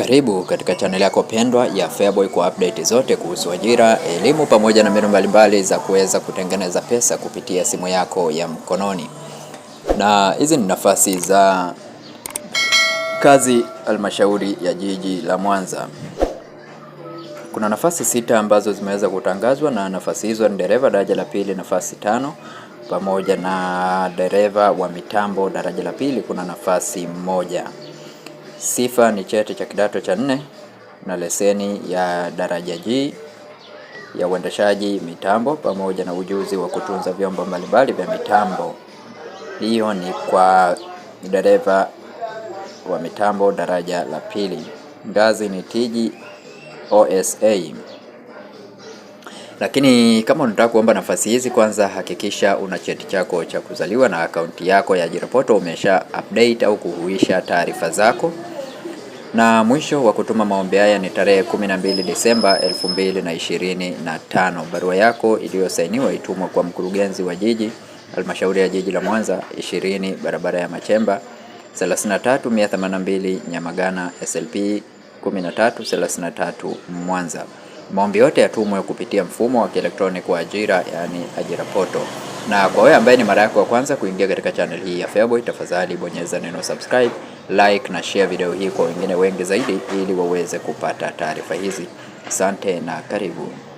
Karibu katika chaneli yako pendwa ya Feaboy kwa update zote kuhusu ajira, elimu pamoja na mbinu mbalimbali za kuweza kutengeneza pesa kupitia simu yako ya mkononi. Na hizi ni nafasi za kazi halmashauri ya jiji la Mwanza. Kuna nafasi sita ambazo zimeweza kutangazwa na nafasi hizo ni dereva daraja la pili nafasi tano, pamoja na dereva wa mitambo daraja la pili kuna nafasi moja. Sifa ni cheti cha kidato cha nne na leseni ya daraja G ya uendeshaji mitambo pamoja na ujuzi wa kutunza vyombo mbalimbali vya mitambo. Hiyo ni kwa dereva wa mitambo daraja la pili. Ngazi ni tiji OSA. Lakini kama unataka kuomba nafasi hizi, kwanza hakikisha una cheti chako cha kuzaliwa na akaunti yako ya ajira portal umesha update au kuhuisha taarifa zako na mwisho wa kutuma maombi haya ni tarehe 12 Disemba 2025. Barua yako iliyosainiwa itumwa kwa mkurugenzi wa jiji halmashauri ya jiji la Mwanza 20 barabara ya Machemba 33182 Nyamagana SLP 1333 Mwanza. Maombi yote yatumwe kupitia mfumo wa kielektroniki wa ajira, yaani ajira poto. Na kwa wewe ambaye ni mara yako ya kwanza kuingia katika channel hii ya Feaboy, tafadhali bonyeza neno subscribe, like na share video hii kwa wengine wengi zaidi, ili waweze kupata taarifa hizi. Asante na karibu.